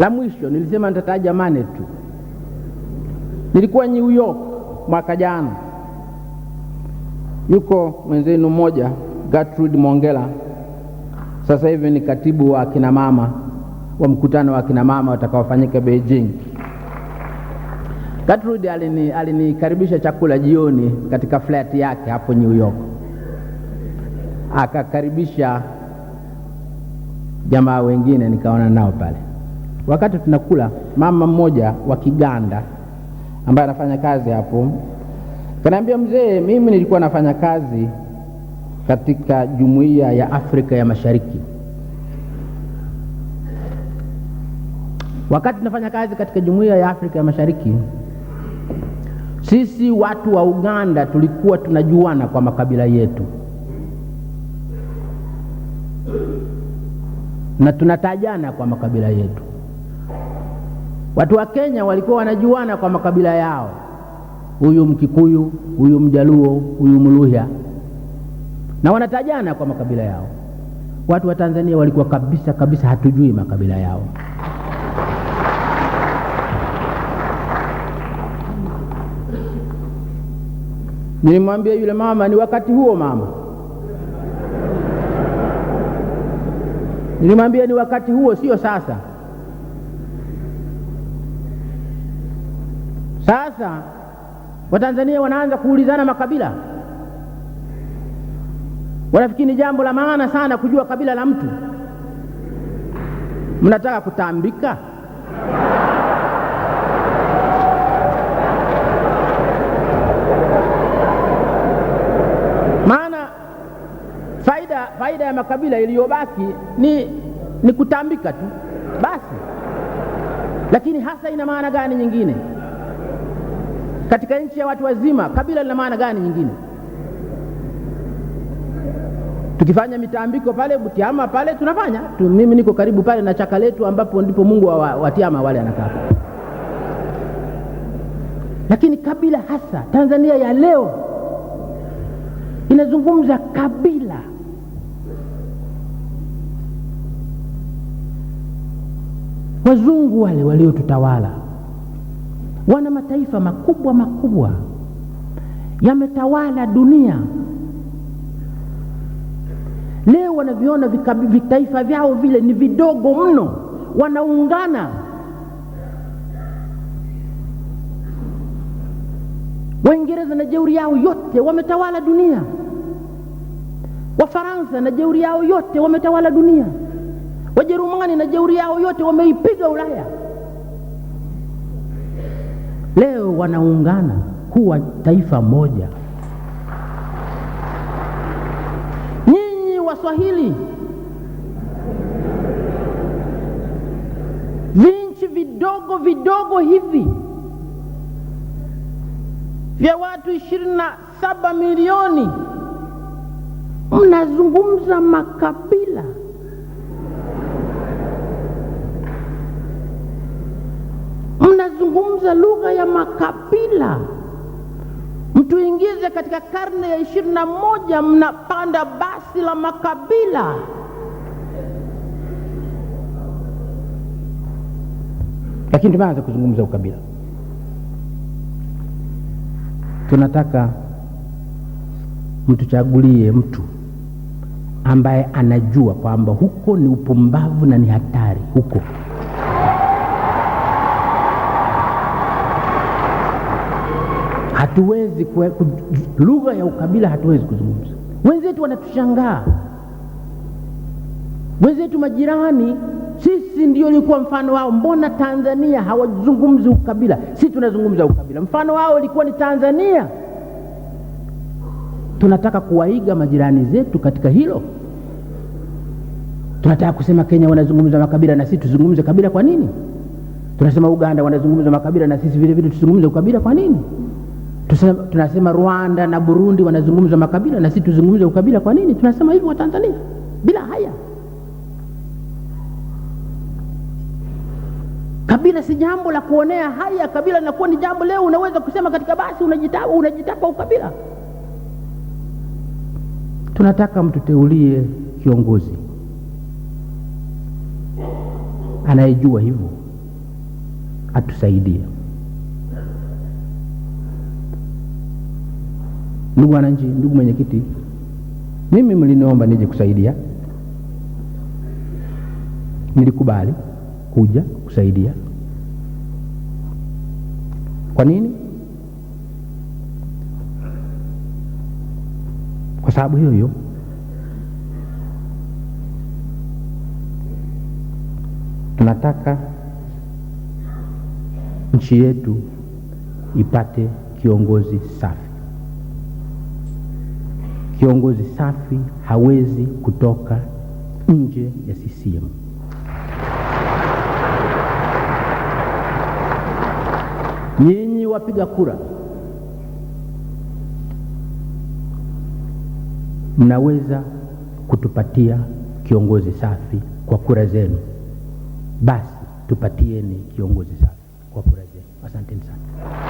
La mwisho nilisema nitataja mane tu. Nilikuwa New York mwaka jana, yuko mwenzenu mmoja Gertrude Mongela, sasa hivi ni katibu wa akina mama wa mkutano wa akina mama watakaofanyika Beijing. Gertrude alini alinikaribisha chakula jioni katika flat yake hapo New York, akakaribisha jamaa wengine nikaona nao pale Wakati tunakula, mama mmoja wa Kiganda ambaye anafanya kazi hapo kaniambia, mzee, mimi nilikuwa nafanya kazi katika jumuiya ya Afrika ya Mashariki. Wakati tunafanya kazi katika jumuiya ya Afrika ya Mashariki, sisi watu wa Uganda tulikuwa tunajuana kwa makabila yetu na tunatajana kwa makabila yetu. Watu wa Kenya walikuwa wanajuana kwa makabila yao, huyu Mkikuyu, huyu Mjaluo, huyu Mluhya, na wanatajana kwa makabila yao. Watu wa Tanzania walikuwa kabisa kabisa hatujui makabila yao. Nilimwambia yule mama, ni wakati huo mama, nilimwambia ni wakati huo, sio sasa. Sasa Watanzania wanaanza kuulizana makabila, wanafikiri ni jambo la maana sana kujua kabila la mtu. Mnataka kutambika? Maana faida faida ya makabila iliyobaki ni, ni kutambika tu basi, lakini hasa ina maana gani nyingine? katika nchi ya watu wazima, kabila lina maana gani nyingine? Tukifanya mitambiko pale Butiama pale tunafanya tu, mimi niko karibu pale na chaka letu ambapo ndipo Mungu wa, watiama wale anakaa, lakini kabila hasa Tanzania ya leo inazungumza kabila wazungu wale waliotutawala wana mataifa makubwa makubwa yametawala dunia leo, wanaviona vitaifa vyao vile ni vidogo mno, wanaungana Waingereza na jeuri yao yote wametawala dunia. Wafaransa na jeuri yao yote wametawala dunia. Wajerumani na jeuri yao yote wameipiga Ulaya leo wanaungana kuwa taifa moja. Nyinyi Waswahili, vinchi vidogo vidogo hivi vya watu ishirini na saba milioni mnazungumza makabila kuzungumza lugha ya makabila mtuingize katika karne ya ishirini na moja mnapanda basi la makabila lakini tumeanza kuzungumza ukabila tunataka mtuchagulie mtu ambaye anajua kwamba huko ni upumbavu na ni hatari huko hatuwezi lugha ya ukabila hatuwezi kuzungumza. Wenzetu wanatushangaa, wenzetu majirani, sisi ndio ilikuwa mfano wao. Mbona Tanzania hawazungumzi ukabila? Sisi tunazungumza ukabila. Mfano wao ilikuwa ni Tanzania. Tunataka kuwaiga majirani zetu katika hilo. Tunataka kusema Kenya wanazungumza makabila na sisi tuzungumze kabila, kwa nini? Tunasema Uganda wanazungumza makabila na sisi vile vile tuzungumze ukabila, kwa nini? Tusema, tunasema Rwanda na Burundi wanazungumza makabila, na sisi tuzungumze ukabila. Kwa nini tunasema hivyo Watanzania bila haya? Kabila si jambo la kuonea haya, kabila linakuwa ni jambo leo unaweza kusema katika basi, unajitapa, unajitapa ukabila. Tunataka mtuteulie kiongozi anayejua hivyo atusaidie. Ndugu wananchi, ndugu mwenyekiti, mimi mliniomba nije kusaidia, nilikubali kuja kusaidia. Kwa nini? Kwa sababu hiyo hiyo, tunataka nchi yetu ipate kiongozi safi. Kiongozi safi hawezi kutoka nje ya CCM. Nyinyi wapiga kura, mnaweza kutupatia kiongozi safi kwa kura zenu, basi tupatieni kiongozi safi kwa kura zenu. Asanteni sana.